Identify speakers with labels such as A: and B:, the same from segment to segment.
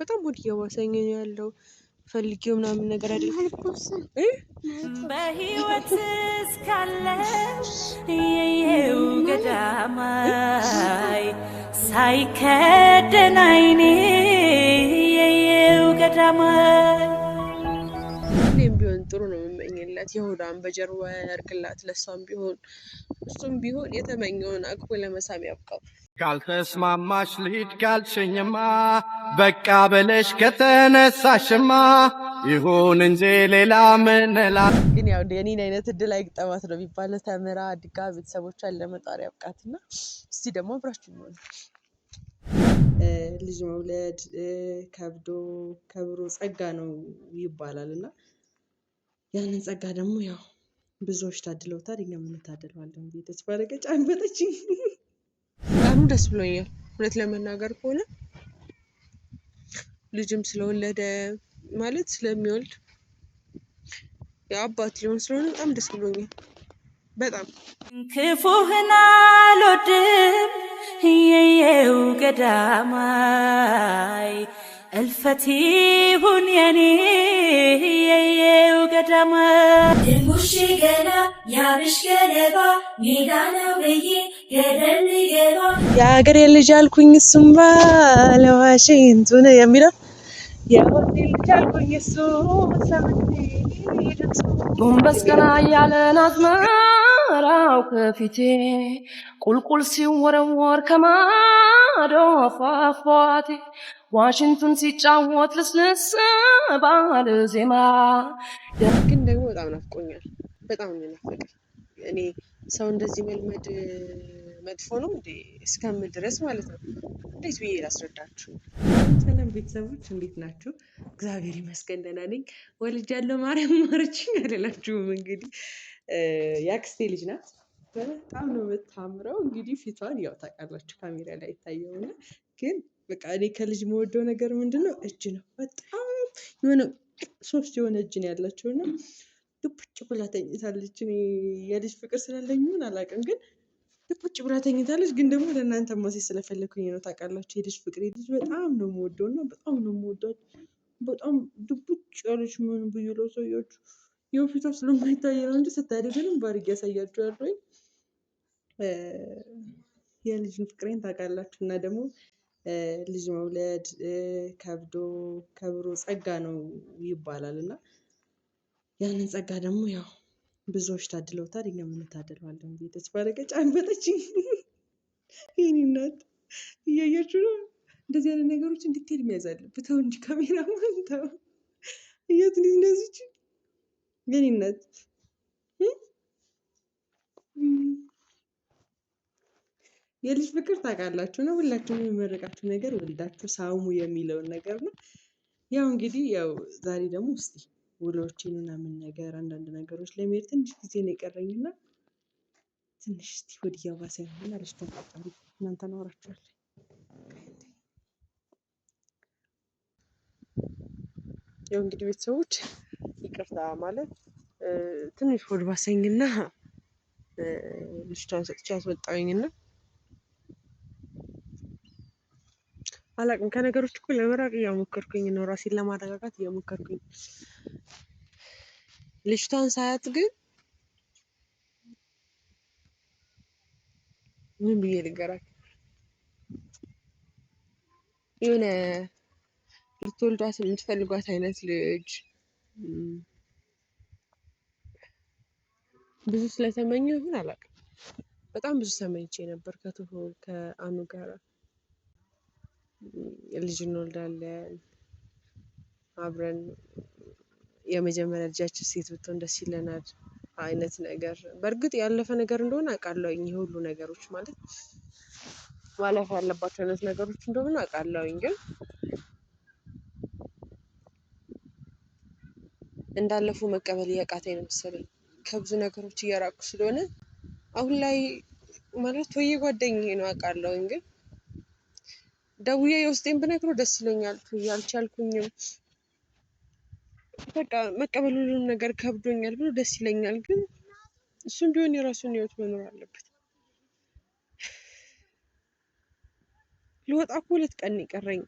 A: በጣም ወድ እያዋሰኝ ነው ያለው። ፈልጌው ምናምን ነገር
B: አይደለም።
C: በህይወት እስካለ የየው ገዳማይ ሳይከደን አይኔ የየው ገዳማይ
A: ምክንያት ይሁዳን በጀርባ ያደርግላት ለሷም ቢሆን እሱም ቢሆን የተመኘውን አቅፎ ለመሳም ያብቃው።
D: ካልተስማማሽ ልሂድ ካልሽኝማ በቃ በለሽ ከተነሳሽማ ይሁን እንጂ ሌላ ምንላ
A: ግን ያው የኔን አይነት እድል አይግጠማት ነው የሚባለ ተምራ አድጋ ቤተሰቦቿን ለመጣር ያብቃትና እስቲ ደግሞ አብራችሁ ሆነ ልጅ መውለድ ከብዶ ከብሮ ጸጋ ነው ይባላል እና ያንን ጸጋ ደግሞ ያው ብዙዎች ታድለውታል። እኛም እንታደለዋለን። ቤተስ ባረገጭ አንበጠች ጣኑ ደስ ብሎኛል። እውነት ለመናገር ከሆነ ልጅም ስለወለደ ማለት ስለሚወልድ የአባት ሊሆን ስለሆነ በጣም ደስ ብሎኛል። በጣም
C: ክፉህን አልወድም እየየው ገዳማይ እልፈት ይሁን የኔ የየው ገዳመ
E: ድንቡሽ ገና ያብሽ ገለባ ሜዳ ነው ብዬ ገደል ገባ
A: የአገሬ ልጅ አልኩኝ እሱም ባለዋሽንቱ የሚለው የወርዴ ልጅ አልኩኝ እሱ
C: ጎንበስ ቀና እያለን አዝመራው ከፊቴ ቁልቁል ሲወረወር ከማዶ ፏፏቴ ዋሽንቱን ሲጫወት ልስልስ ባለ ዜማ
A: ግን ደግሞ በጣም ናፍቆኛል። በጣም ናፈቀ። እኔ ሰው እንደዚህ መልመድ መጥፎ ነው እንዴ እስከምል ድረስ ማለት ነው። እንዴት ብዬ ላስረዳችሁ? ሰላም ቤተሰቦች እንዴት ናችሁ? እግዚአብሔር ይመስገን ደህና ነኝ። ወልጃለሁ። ማርያም ማረችኝ አይደላችሁም? እንግዲህ የአክስቴ ልጅ ናት። በጣም ነው የምታምረው። እንግዲህ ፊቷን ያው ታውቃላችሁ፣ ካሜራ ላይ ይታየውና ግን በቃ እኔ ከልጅ መወደው ነገር ምንድነው እጅ ነው። በጣም የሆነ ሶስት የሆነ እጅ ነው ያላቸው እና ድቡጭ ብላ ተኝታለች። የልጅ ፍቅር ስላለኝ ይሁን አላውቅም፣ ግን ድቡጭ ብላ ተኝታለች። ግን ደግሞ ለእናንተ ማሴ ስለፈለግኩኝ ነው ታውቃላችሁ። የልጅ ፍቅር የልጅ በጣም ነው የምወደው እና በጣም ነው የምወዳት በጣም ድቡጭ ያለች ምን ለው ላሳያችሁ የፊቷ ስለማይታይ ነው እንጂ ስታደግ ምንም ባድርግ ያሳያችኋለሁ። የልጅ ፍቅሬን ታውቃላችሁ እና ደግሞ ልጅ መውለድ ከብዶ ከብሮ ጸጋ ነው ይባላል እና ያንን ጸጋ ደግሞ ያው ብዙዎች ታድለውታል። እኛም እንታደለዋለን። ቤተች ባለቀጫ አንበጠች ይህን እናት እያያችሁ ነው። እንደዚህ አይነት ነገሮች እንድትሄድ ሚያዛለ ብተው አሁን እንጂ ካሜራ ማለት እያት እንደዚች ግን እናት የልጅ ፍቅር ታውቃላችሁ ነው። ሁላችሁም የሚመረቃችሁ ነገር ወልዳችሁ ሳሙ የሚለውን ነገር ነው። ያው እንግዲህ ያው ዛሬ ደግሞ እስኪ ውሎችን ምናምን ነገር አንዳንድ ነገሮች ለመሄድ ትንሽ ጊዜ ነው የቀረኝና ትንሽ እስኪ ወዲያ ባሰ ሆን አልስተንቀጠሩ እናንተ ኖራችኋል። ያው እንግዲህ ቤተሰቦች ይቅርታ ማለት ትንሽ ሆድ ባሰኝና ልጅቷን ሰጥቼ አስወጣሁኝና አላቅም ከነገሮች እኮ ለመራቅ እያሞከርኩኝ ነው። ራሴን ለማረጋጋት እያሞከርኩኝ ልጅቷን ሳያት ግን ምን ብዬ ልገራት? የሆነ ልትወልዷት የምትፈልጓት አይነት ልጅ ብዙ ስለተመኘ ይሁን አላቅም። በጣም ብዙ ተመኝቼ ነበር ከአኑ ጋራ ልጅ እንወልዳለን አብረን የመጀመሪያ ልጃችን ሴት ብትሆን ደስ ይለናል አይነት ነገር በእርግጥ ያለፈ ነገር እንደሆነ አውቃለሁኝ። ይሄ ሁሉ ነገሮች ማለት ማለፍ ያለባቸው አይነት ነገሮች እንደሆነ አውቃለሁኝ። ግን እንዳለፉ መቀበል እያቃተኝ ነው መሰለኝ ከብዙ ነገሮች እየራቅኩ ስለሆነ አሁን ላይ ማለት ወይ ጓደኛዬ ነው አውቃለሁኝ ግን ደውዬ የውስጤን ብነግሮ ደስ ይለኛል። አልቻልኩኝም፣ በቃ መቀበል ነገር ከብዶኛል ብሎ ደስ ይለኛል። ግን እሱም ቢሆን የራሱን ህይወት መኖር አለበት። ልወጣ እኮ ሁለት ቀን ይቀረኝ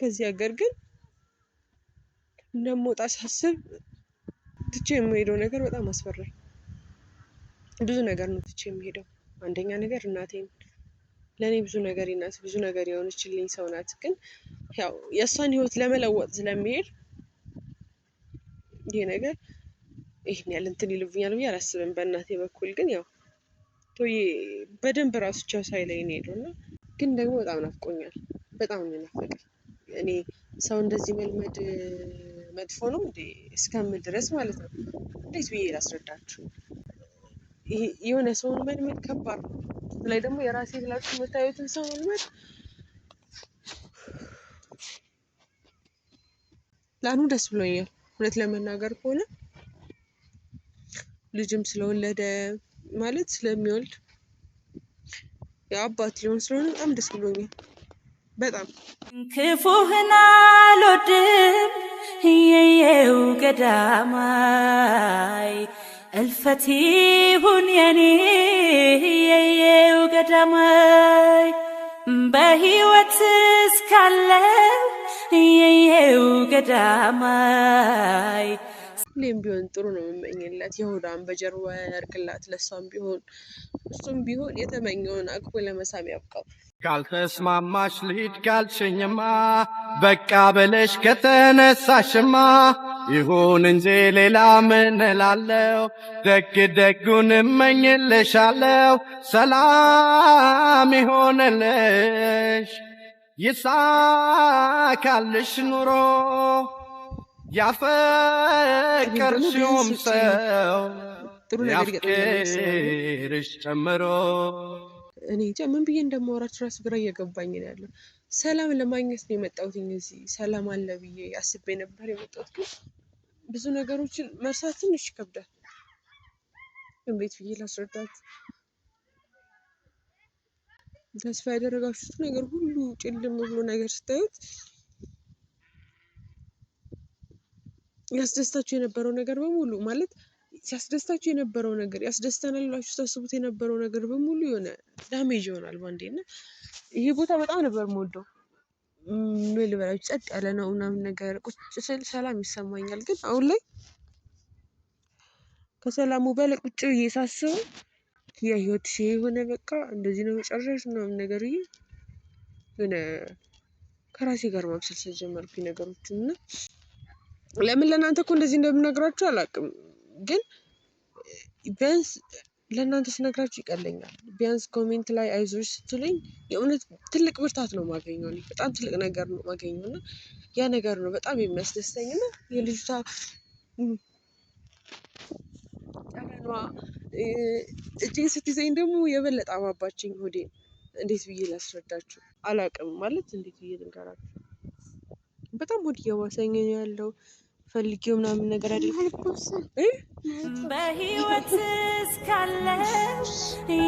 A: ከዚህ ሀገር ግን እንደምወጣ ሳስብ ትቼ የምሄደው ነገር በጣም አስፈራኝ። ብዙ ነገር ነው ትቼ የምሄደው። አንደኛ ነገር እናቴን ለእኔ ብዙ ነገር ናት፣ ብዙ ነገር የሆነችልኝ ሰው ናት። ግን ያው የእሷን ህይወት ለመለወጥ ስለሚሄድ ይሄ ነገር ይህን ያህል እንትን ይልብኛል ብዬ አላስብም። በእናቴ በኩል ግን ያው ቶዬ በደንብ ራሱ ቻው ሳይለኝ ነው የሄደው እና ግን ደግሞ በጣም ናፍቆኛል። በጣም ነው የናፈቀኝ። እኔ ሰው እንደዚህ መልመድ መጥፎ ነው እንዴ እስከምን ድረስ ማለት ነው? እንዴት ብዬ ላስረዳችሁ? የሆነ ሰውን መልመድ ከባድ ነው። ላይ ደግሞ የራሴ ብላችሁ የምታዩትን ሰው ልመድ ላኑ ደስ ብሎኛል። እውነት ለመናገር ከሆነ ልጅም ስለወለደ ማለት ስለሚወልድ የአባት ሊሆን ስለሆነ በጣም ደስ ብሎኛል። በጣም
C: ክፉህን አልወድም የየው ገዳማይ እልፈት ይሁን የኔ የየው ገዳማይ በሕይወት እስካለው የየው ገዳማይ
A: ሁሌም ቢሆን ጥሩ ነው የምመኝለት ይሁዳን በጀርባ ያደርግላት። ለሷም ቢሆን እሱም ቢሆን የተመኘውን አቅፎ ለመሳም ያብቃው።
D: ካልተስማማሽ ልሂድ ካልሽኝማ በቃ በለሽ ከተነሳሽማ ይሁን እንጂ ሌላ ምን እላለሁ? ደግ ደጉን እመኝልሻለሁ። ሰላም ይሆንልሽ ይሳካልሽ ኑሮ ያፈቀርሽውም ሰው ያፍቅርሽ ጨምሮ
A: እኔ እንጃ ምን ብዬ እንደማወራችሁ ራሱ ግራ እየገባኝ ነው ያለው። ሰላም ለማግኘት ነው የመጣሁት እዚህ ሰላም አለ ብዬ አስቤ ነበር የመጣሁት፣ ግን ብዙ ነገሮችን መርሳት ትንሽ ይከብዳል። እንዴት ብዬ ላስረዳችሁ? ተስፋ ያደረጋችሁት ነገር ሁሉ ጭልም ብሎ ነገር ስታዩት ያስደስታችሁ የነበረው ነገር በሙሉ ማለት ሲያስደስታችሁ የነበረው ነገር ያስደስተናል ብላችሁ ታስቡት የነበረው ነገር በሙሉ የሆነ ዳሜጅ ይሆናል ባንዴ። እና ይሄ ቦታ በጣም ነበር የምወደው። ምን ልበላችሁ፣ ጸጥ ያለ ነው ምናምን ነገር ቁጭ ስል ሰላም ይሰማኛል። ግን አሁን ላይ ከሰላሙ በላይ ቁጭ ብዬ ሳስበው የህይወት ሲ የሆነ በቃ እንደዚህ ነው መጨረሻሽ ምናምን ነገር ይ የሆነ ከራሴ ጋር ማብሰል ስለጀመርኩኝ ነገሮችን እና ለምን ለእናንተ እኮ እንደዚህ እንደምነግራችሁ አላውቅም፣ ግን ቢያንስ ለእናንተ ስነግራችሁ ይቀለኛል። ቢያንስ ኮሜንት ላይ አይዞች ስትሉኝ የእውነት ትልቅ ብርታት ነው ማገኘው፣ በጣም ትልቅ ነገር ነው ማገኘው እና ያ ነገር ነው በጣም የሚያስደስተኝ እና የልጅቷ ጨረኗ እጅግ ስትይዘኝ ደግሞ የበለጠ አባባችኝ ሆዴ እንዴት ብዬ ላስረዳችሁ አላውቅም። ማለት እንዴት ብዬ ልንገራችሁ በጣም ሆድ እየባሰኝ ነው ያለው። ፈልጌው ምናምን ነገር
B: አይደለም።
C: በህይወት እስካለ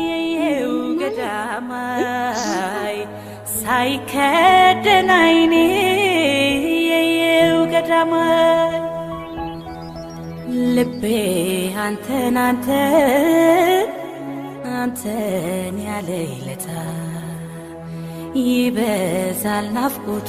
C: የየው ገዳማይ ሳይከደን አይኔ የየው ገዳማይ ልቤ አንተን አንተ አንተን ያለ ይለታ ይበዛል ናፍቆቱ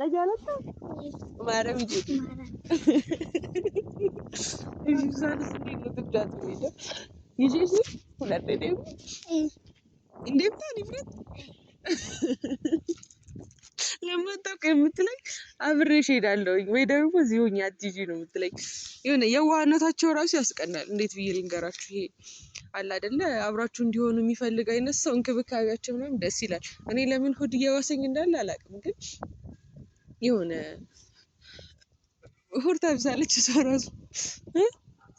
A: ለማታውቅ የምትለኝ አብሬሽ ሄዳለሁኝ ወይ ደግሞ እዚህ ሆኜ ነው የምትለኝ። የሆነ የዋህነታቸው ራሱ ያስቀናል። እንዴት ብዬ ልንገራችሁ? ይሄ አለ አይደለ አብራችሁ እንዲሆኑ የሚፈልግ አይነት ሰው እንክብካቤያቸው ምናምን ደስ ይላል። እኔ ለምን ሆድ እየባሰኝ እንዳለ አላውቅም ግን የሆነ ሁር ታብዛለች እሷ ራሱ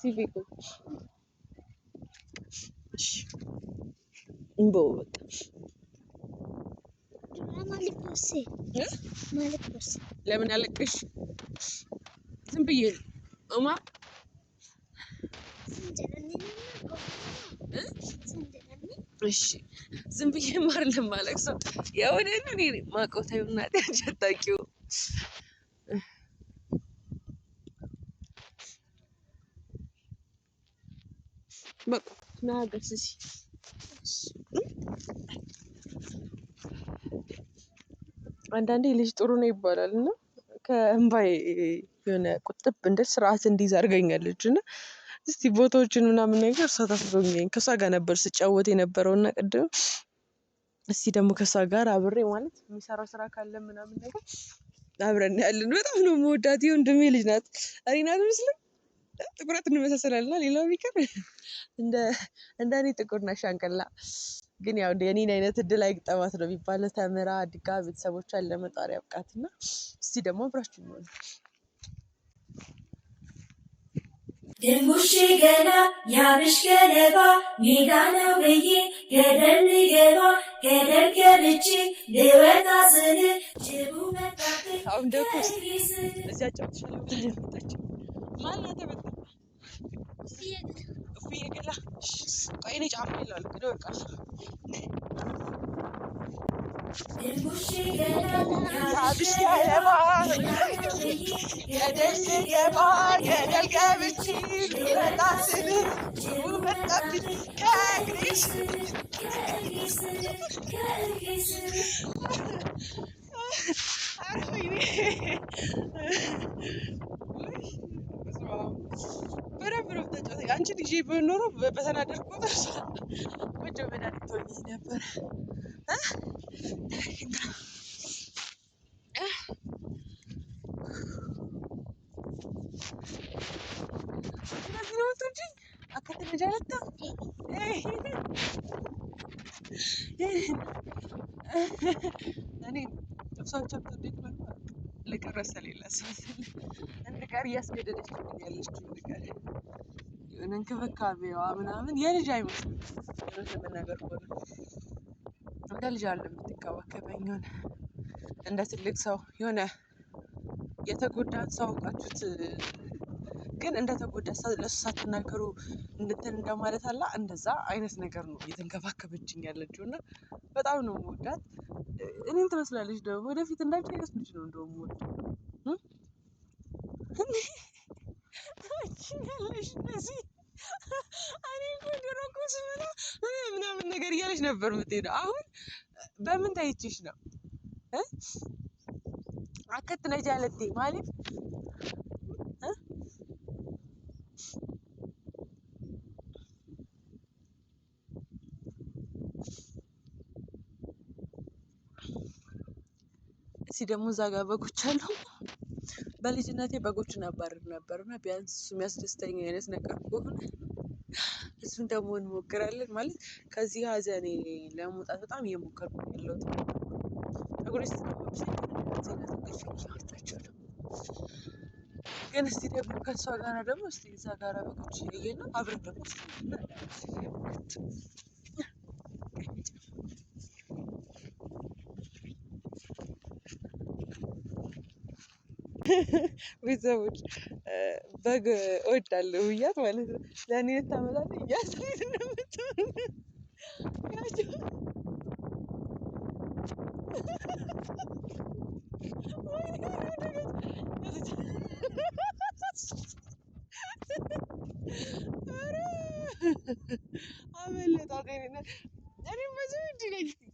A: ሲቪቁ እንበው በቃ ለምን አለቅሽ? ዝም ብዬ እማ እሺ ዝም ብዬ ማር ለማለቅ ሰው የሆነ እኔ ማቀው ታዩና ታጫጣቂው በቃ ናገር ስሲ አንዳንዴ ልጅ ጥሩ ነው ይባላል እና ከእምባዬ የሆነ ቁጥብ እንደ ስርዓት እንዲይዝ አድርገኛለች እና እስቲ ቦታዎችን ምናምን ነገር እሷ ታስጎብኘኝ ከእሷ ጋር ነበር ስጫወት የነበረው እና ቅድም እስቲ ደግሞ ከእሷ ጋር አብሬ ማለት የሚሰራው ስራ ካለ ምናምን ነገር አብረን ያለን በጣም ነው የምወዳት። የወንድሜ ልጅ ናት። እኔን ምስልም ጥቁረት እንመሳሰላልና ሌላው ቢቀር እንደ እኔ ጥቁር ናት ሻንቀላ። ግን ያው የኔን አይነት እድል አይግጠማት ነው የሚባለው። ተምራ አድጋ ቤተሰቦቿን ለመጣር ያብቃትና እስቲ ደግሞ አብራችሁ ነው
E: Demushi gena, yarış geleva, Midan veyi, kederli geva, keder kerici, devet azını, cebu metakı,
A: А у меня курс. Взять от шалю. Мама, это પીએ એટલે કઈ નહીં ચાપી લો કર્યો કર በደንብ ነው የምታጫውተኝ። አንቺን ይዤ ብሆን ኖሮ በተናደድኩ ቁጥር ቁጭ ብላ ልትሆኚ ነበረ። እኔ ጥብሳቸው ልቀረሰ ሌላ ሰው ጋር እያስገደደች ያለችው ነገር የሆነ እንክብካቤዋ ምናምን የልጅ አይመስልም። እውነት ለመናገር ከሆነ እንደ ልጅ አለ የምትንከባከበኝ ሆነ እንደ ትልቅ ሰው የሆነ የተጎዳን ሰው አውቃችሁት ግን እንደ ተጎዳ እንደተጎዳ ለሱ ሳትናገሩ እንትን እንደማለት አላ እንደዛ አይነት ነገር ነው እየተንከባከበችኝ ያለችው እና በጣም ነው መወዳት። እኔን ትመስላለች ደግሞ ወደፊት እንዳልጨረስ ልጅ ነው እንደውም ወድ ታችኛለሽ እንደዚህ እኔ እኮ ድሮ እኮ ስመጣ ምናምን ነገር እያለች ነበር የምትሄደው። አሁን በምን ታይችሽ ነው አከት ነጃለቴ ማለት ደግሞ እዛ ጋር በጎች አሉ። በልጅነቴ በጎች አባረር ነበር እና ቢያንስ እሱ የሚያስደስተኝ አይነት ነገር ከሆነ እሱን ደግሞ እንሞክራለን። ማለት ከዚህ ሀዘኔ ለመውጣት በጣም እየሞከርኩ ነው ያለሁት። ፀጉሬ ስለሚበጣብሰኝ እንደዚህ አይነት ነገሮች እመርጣቸዋለሁ። ግን እስቲ ደግሞ ከእሷ ጋር ደግሞ እስቲ እዛ ጋራ በጎች እያየን ነው አብረን ደግሞ ቤተሰቦች በግ እወዳለሁ ብያት ማለት ነው። ለእኔ ልታመጣልኝ እያሳየት እንደምትሆን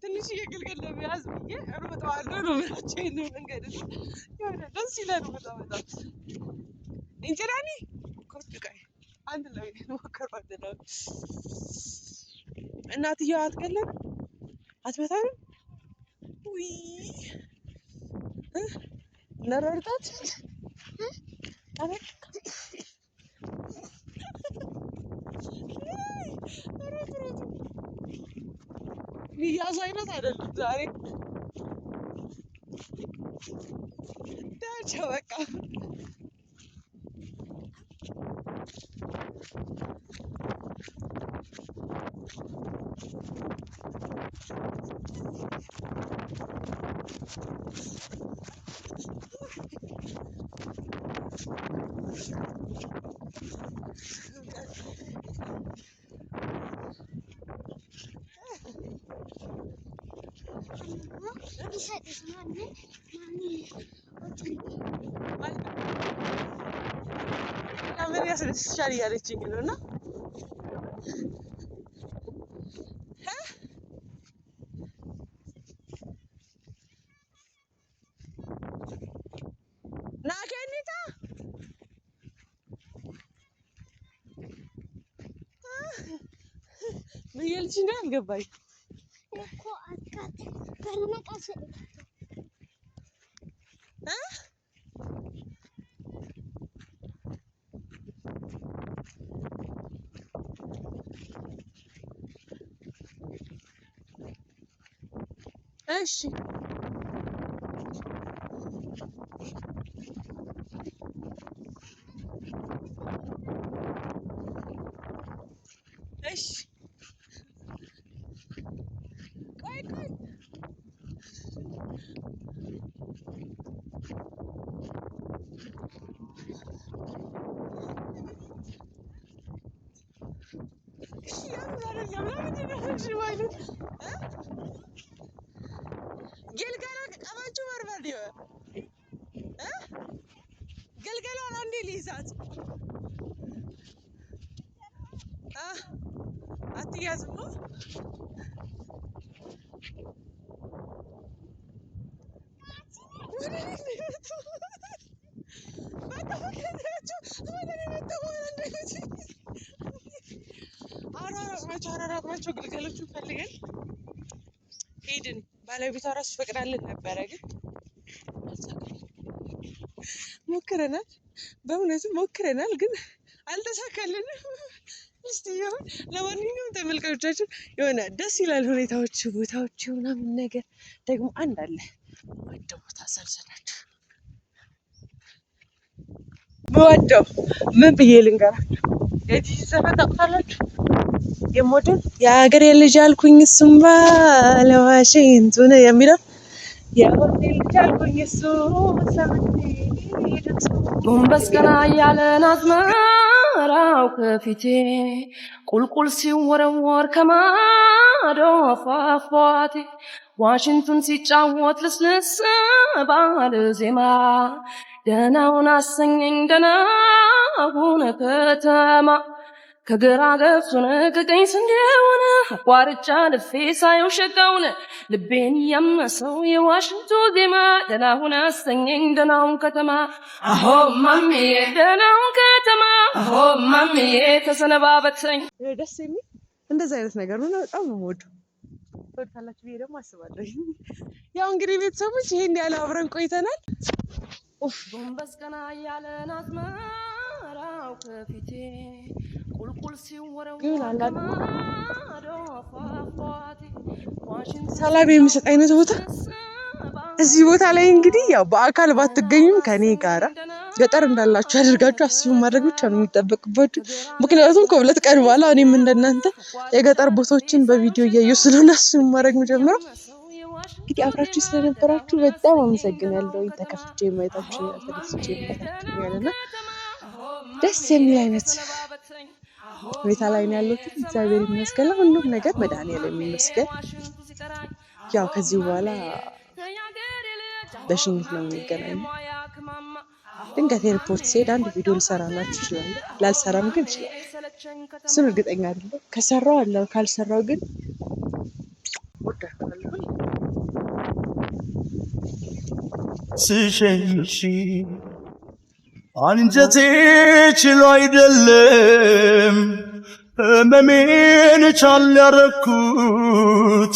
A: ትንሽ እየገልገለ መያዝ ብዬ ሮጠዋለሁ ነው ምላቸው ይህን መንገድ ይላል። በጣም በጣም እንጀራኒ ኮርትቃይ አንድ ላይ ሞከሯት ነው። እናትየዋ አትገለም አትመታንም። ውይ ነረርጣት ሚያዙ አይነት አይደለም ዛሬ чоловіка. Let me set i s one, mommy. ምን ያስደስሻል እያለችኝ ነው እና ምን እያለችኝ ነው ያልገባኝ እኮ Her şey- Eş. Kay kay. Şu yanlara yalan mı deniyor şu ሆቴሎችን ፈልገን ሄድን። ባለቤቷ ራሱ ፈቅዳልን ነበረ ግን ሞክረናል። በእውነቱ ሞክረናል ግን አልተሳካልንም። እስቲ ይሁን። ለማንኛውም ተመልካቾቻችን የሆነ ደስ ይላል ሁኔታዎች፣ ቦታዎች ምናምን ነገር ደግሞ አንድ አለ ወደ ቦታ ሰልሰላችሁ ምወደው ምን ብዬ ልንገራችሁ? የዚህ ዘፈን ታውቁታላችሁ? የሞደል የሀገሬ ልጅ አልኩኝ እሱማ ለዋሽንቱ ነው የሚለው የወርዴ ልጅ አልኩኝ እሱ ጎንበስ ቀና ያለን አዝመራው ከፊቴ ቁልቁል ሲወረወር ከማዶ ፏፏቴ ዋሽንቱን ሲጫወት ልስልስ ባለ ዜማ ደህናውን አሰኘኝ ደህና ሆነ ከተማ ከግራ ገብሱን ከቀኝ ስንዴውን አቋርጫ ልፌ ሳየው ሸጋውን ልቤን እያመሰው የዋሽንቱ ዜማ ደናሁን አሰኘኝ ደህናውን ከተማ አሆ ማሚዬ ደህናውን ከተማ አሆ ማሚዬ ተሰነባበተኝ። ደስ የሚል እንደዚህ አይነት ነገር ነው። በጣም ነው የምወደው። ብዬ ደግሞ አስባለሁ። ያው እንግዲህ ቤተሰቦች ይሄን ያለ አብረን ቆይተናል። ጎንበስ ቀና ያለን አዝመራው ከፊቴ ቁልቁል ሲወረው ሰላም የሚሰጥ አይነት ቦታ እዚህ ቦታ ላይ እንግዲህ ያው በአካል ባትገኙም ከኔ ጋራ ገጠር እንዳላችሁ አድርጋችሁ አስቡን ማድረግ ብቻ ነው የሚጠበቅባችሁ። ምክንያቱም ከሁለት ቀን በኋላ እኔም እንደናንተ የገጠር ቦታዎችን በቪዲዮ እያየሁ ስለሆነ አስቡን ማድረግ መጀመረው እንግዲህ አብራችሁ ስለነበራችሁ በጣም አመሰግናለሁ። ተከፍቼ ማየታችሁ ተደስቼ ማየታችሁ ያለና ደስ የሚል አይነት ሁኔታ ላይ ነው ያለሁት። እግዚአብሔር ይመስገን ሁሉም ነገር መድኃኒዓለም ይመስገን። ያው ከዚህ በኋላ በሽኝት ነው የምንገናኘው። ድንገት ኤርፖርት ሲሄድ አንድ ቪዲዮ ልሰራ ልሰራላችሁ ይችላል፣ ላልሰራም ግን ይችላል። እሱን እርግጠኛ አይደለሁ። ከሰራው አለው፣ ካልሰራው ግን ስሸኝሽ አንጀቴ ችሎ አይደለም ህመሜን ቻል ያረኩት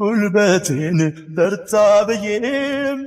A: ጉልበቴን በርታ ብዬም